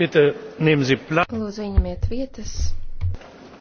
Bitte nehmen Sie Platz. Lūdzu, ieņemiet vietas.